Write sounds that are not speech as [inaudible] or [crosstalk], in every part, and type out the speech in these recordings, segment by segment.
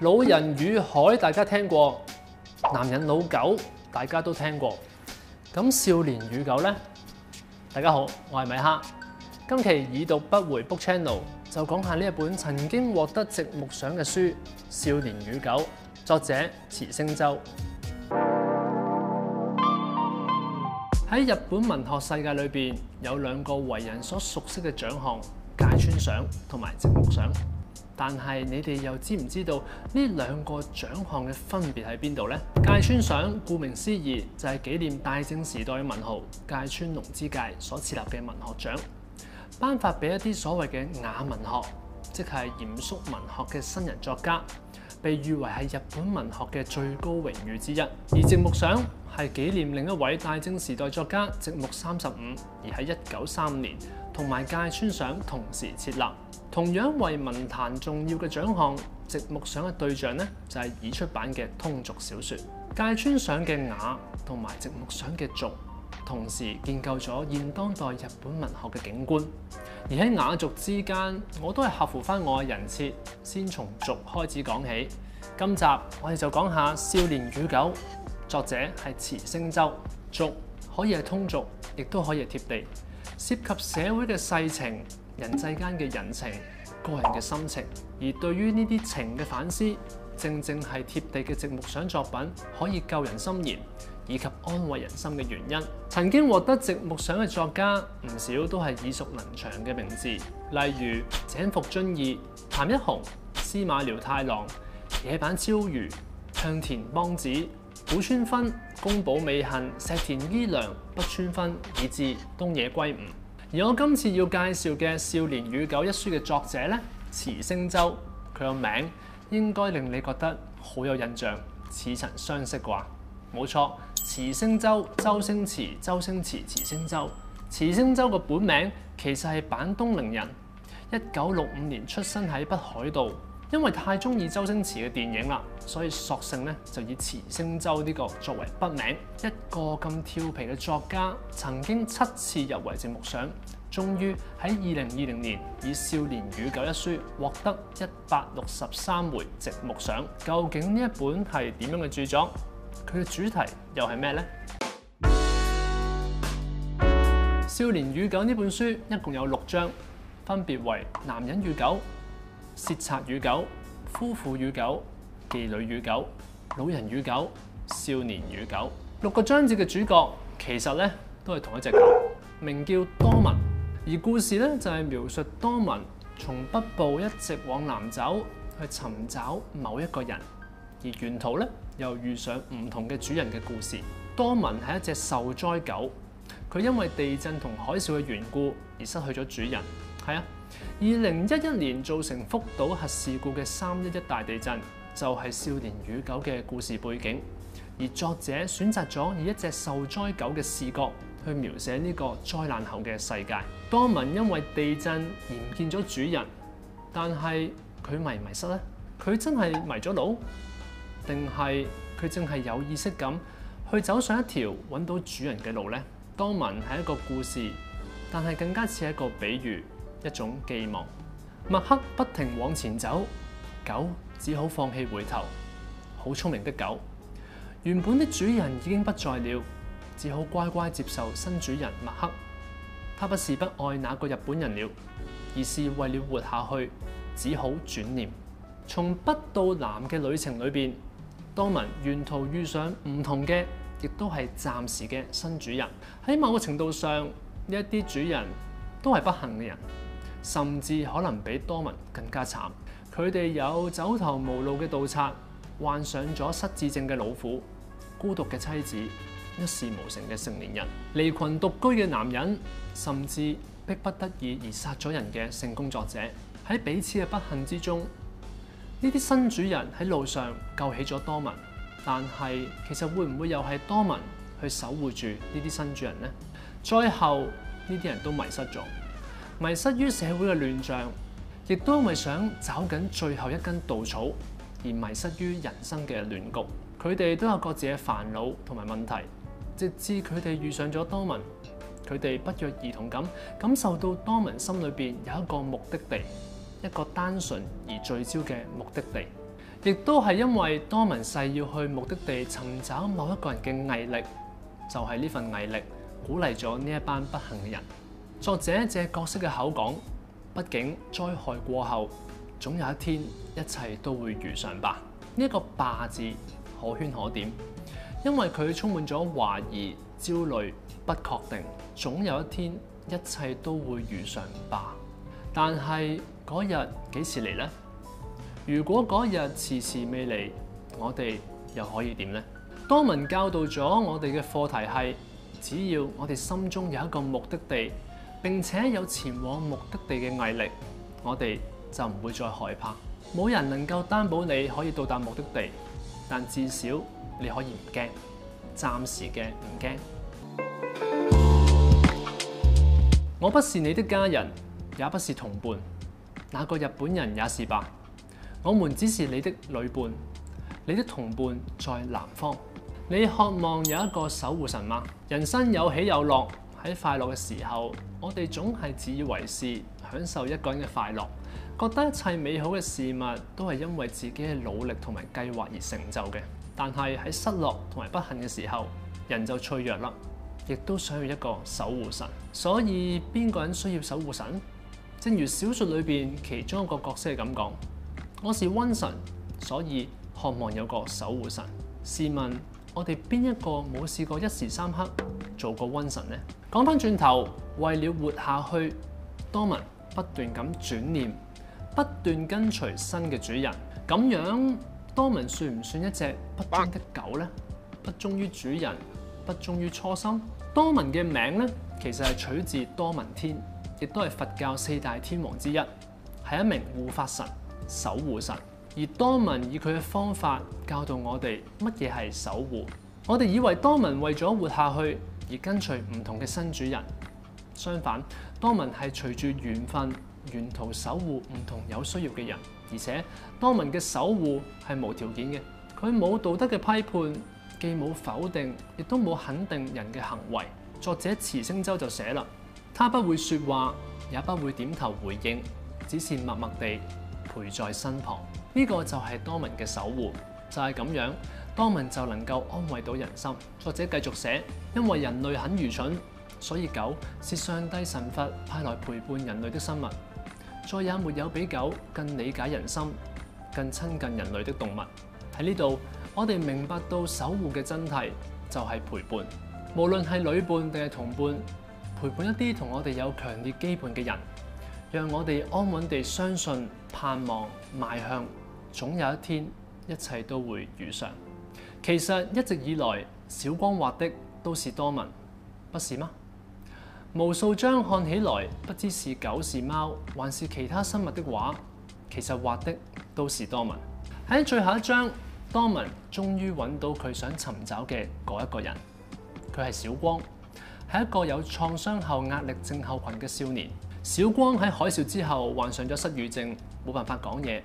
老人與海大家聽過，男人老狗大家都聽過，咁少年與狗呢？大家好，我係米哈，今期已讀不回 Book Channel 就講下呢一本曾經獲得直木賞嘅書《少年與狗》，作者馳星周。喺日本文學世界裏邊，有兩個為人所熟悉嘅獎項：芥川賞同埋直木賞。但係你哋又知唔知道呢兩個獎項嘅分別喺邊度呢？芥川賞，顧名思義就係、是、紀念大正時代文豪芥川龍之介所設立嘅文學獎，頒發俾一啲所謂嘅雅文學，即係嚴肅文學嘅新人作家，被譽為係日本文學嘅最高榮譽之一。而直木賞係紀念另一位大正時代作家直木三十五，35，而喺一九三五年。同埋芥川賞同時設立，同樣為文壇重要嘅獎項。直木賞嘅對象呢，就係、是、已出版嘅通俗小說。芥川賞嘅雅同埋直木賞嘅俗，同時建構咗現當代日本文學嘅景觀。而喺雅俗之間，我都係合乎翻我嘅人設，先從俗開始講起。今集我哋就講下《少年與狗》，作者係馳星周。俗可以係通俗，亦都可以係貼地。涉及社會嘅世情、人際間嘅人情、個人嘅心情，而對於呢啲情嘅反思，正正係貼地嘅直木賞作品可以扣人心弦以及安慰人心嘅原因。曾經獲得直木賞嘅作家唔少都係耳熟能詳嘅名字，例如井伏鱒二、譚一雄、司馬遼太郎、野坂昭如、向田邦子，古村芬，公保美恨，石田伊良、北村芬，以至東野圭吾。而我今次要介紹嘅《少年與狗》一書嘅作者咧，馳星周，佢個名應該令你覺得好有印象，似曾相識啩？冇錯，馳星周，周星馳，周星馳，馳星周，馳星周個本名其實係板東玲人，一九六五年出生喺北海道。因為太中意周星馳嘅電影啦，所以索性咧就以“馳星周”呢個作為筆名。一個咁調皮嘅作家，曾經七次入圍直木賞，終於喺二零二零年以《少年與狗》一書獲得一百六十三回直木賞。究竟呢一本係點樣嘅著作？佢嘅主題又係咩呢？ [music] 《少年與狗》呢本書一共有六章，分別為《男人與狗》。竊賊與狗、夫婦與狗、妓女與狗、老人與狗、少年與狗，六個章節嘅主角其實咧都係同一隻狗，名叫多聞。而故事咧就係、是、描述多聞從北部一直往南走，去尋找某一個人，而沿途咧又遇上唔同嘅主人嘅故事。多聞係一隻受災狗，佢因為地震同海嘯嘅緣故而失去咗主人，係啊。二零一一年造成福島核事故嘅三一一大地震，就係少年與狗嘅故事背景。而作者選擇咗以一隻受災狗嘅視角去描寫呢個災難後嘅世界。多聞因為地震而唔見咗主人，但係佢迷唔迷失呢？佢真係迷咗路，定係佢正係有意識咁去走上一條搵到主人嘅路呢？多聞係一個故事，但係更加似一個比喻。一種寄望。麥克不停往前走，狗只好放棄回頭。好聰明的狗，原本的主人已經不在了，只好乖乖接受新主人麥克。他不是不愛那個日本人了，而是為了活下去，只好轉念。從北到南嘅旅程裏邊，多聞沿途遇上唔同嘅，亦都係暫時嘅新主人。喺某個程度上，呢一啲主人都係不幸嘅人。甚至可能比多聞更加慘。佢哋有走投無路嘅盜賊、患上咗失智症嘅老虎、孤獨嘅妻子、一事無成嘅成年人、離群獨居嘅男人，甚至逼不得已而殺咗人嘅性工作者。喺彼此嘅不幸之中，呢啲新主人喺路上救起咗多聞，但係其實會唔會又係多聞去守護住呢啲新主人呢？最後呢啲人都迷失咗。迷失於社會嘅亂象，亦都為想找緊最後一根稻草而迷失於人生嘅亂局。佢哋都有各自嘅煩惱同埋問題，直至佢哋遇上咗多聞，佢哋不約而同咁感受到多聞心裏邊有一個目的地，一個單純而聚焦嘅目的地。亦都係因為多聞誓要去目的地尋找某一個人嘅毅力，就係呢份毅力鼓勵咗呢一班不幸嘅人。作者借角色嘅口講，畢竟災害過後，總有一天一切都會如常吧。呢個「吧」字可圈可點，因為佢充滿咗懷疑、焦慮、不確定。總有一天一切都會如常吧，但係嗰日幾時嚟呢？如果嗰日遲遲未嚟，我哋又可以點呢？多聞教導咗我哋嘅課題係，只要我哋心中有一個目的地。並且有前往目的地嘅毅力，我哋就唔會再害怕。冇人能夠擔保你可以到達目的地，但至少你可以唔驚，暫時嘅唔驚。 [noise] 我不是你的家人，也不是同伴，那個日本人也是吧？我們只是你的女伴。你的同伴在南方。你渴望有一個守護神嗎？人生有起有落。喺快樂嘅時候，我哋總係自以為是，享受一個人嘅快樂，覺得一切美好嘅事物都係因為自己嘅努力同埋計劃而成就嘅。但係喺失落同埋不幸嘅時候，人就脆弱啦，亦都想要一個守護神。所以邊個人需要守護神？正如小說裏邊其中一個角色係咁講：「我是瘟神，所以渴望有個守護神。」試問我哋邊一個冇試過一時三刻？做個瘟神呢。講返轉頭，為了活下去，多聞不斷咁轉念，不斷跟隨新嘅主人。咁樣多聞算唔算一隻不忠的狗呢？不忠於主人，不忠於初心。多聞嘅名呢，其實係取自多聞天，亦都係佛教四大天王之一，係一名護法神、守護神。而多聞以佢嘅方法教導我哋乜嘢係守護。我哋以為多聞為咗活下去，而跟隨唔同嘅新主人，相反，多聞係隨住緣分沿途守護唔同有需要嘅人，而且多聞嘅守護係無條件嘅，佢冇道德嘅批判，既冇否定，亦都冇肯定人嘅行為。作者馳星周就寫啦：他不會說話，也不會點頭回應，只是默默地陪在身旁。呢、這個就係多聞嘅守護，就係、是、咁樣。當文就能夠安慰到人心，作者繼續寫，因為人類很愚蠢，所以狗是上帝神佛派來陪伴人類的生物。再也沒有比狗更理解人心、更親近人類的動物。喺呢度，我哋明白到守護嘅真諦就係陪伴，無論係女伴定係同伴，陪伴一啲同我哋有強烈羈絆嘅人，讓我哋安穩地相信、盼望、邁向，總有一天一切都會如常。其實一直以來，小光畫的都是多聞，不是嗎？無數張看起來不知是狗是貓還是其他生物的畫，其實畫的都是多聞。喺最後一張，多聞終於揾到佢想尋找嘅嗰一個人，佢係小光，係一個有創傷後壓力症候群嘅少年。小光喺海嘯之後患上咗失語症，冇辦法講嘢，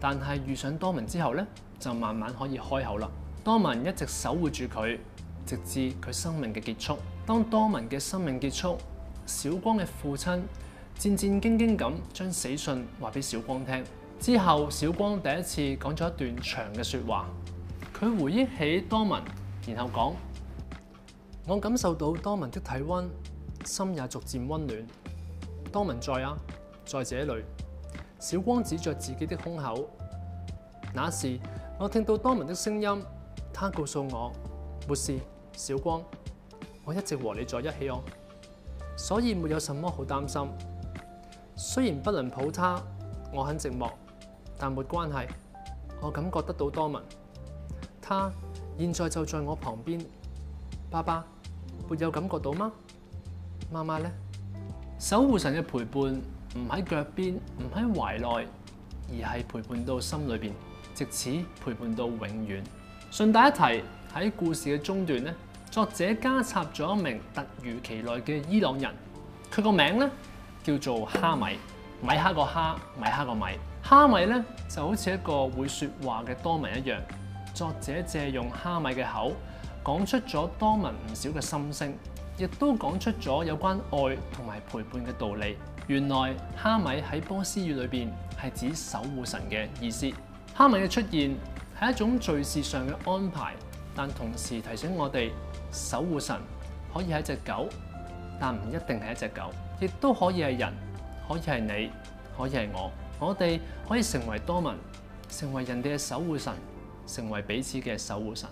但係遇上多聞之後呢，就慢慢可以開口啦。多文一直守護住佢，直至佢生命嘅結束。當多文嘅生命結束，小光嘅父親戰戰兢兢咁將死訊話俾小光聽之後，小光第一次講咗一段長嘅說話。佢回憶起多文，然後講： [noise] 我感受到多文的體溫，心也逐漸溫暖。多文在啊，在這裏。小光指住自己的胸口。那時我聽到多文的聲音。他告訴我，沒事，小光，我一直和你在一起哦，所以沒有什麼好擔心。雖然不能抱他，我很寂寞，但沒關係，我感覺得到多聞，他現在就在我旁邊。爸爸，沒有感覺到嗎？媽媽咧，守護神嘅陪伴唔喺腳邊，唔喺懷內，而係陪伴到心裏面，直至陪伴到永遠。順帶一提，喺故事嘅中段呢，作者加插咗一名突如其來嘅伊朗人，佢個名呢叫做哈米，米哈個哈，米哈個米。哈米呢就好似一個會說話嘅多聞一樣，作者借用哈米嘅口講出咗多聞唔少嘅心聲，亦都講出咗有關愛同埋陪伴嘅道理。原來哈米喺波斯語裏邊係指守護神嘅意思。哈米嘅出現，係一種敘事上嘅安排，但同時提醒我哋，守護神可以係一隻狗，但唔一定係一隻狗，亦都可以係人，可以係你，可以係我，我哋可以成為多聞，成為人哋嘅守護神，成為彼此嘅守護神。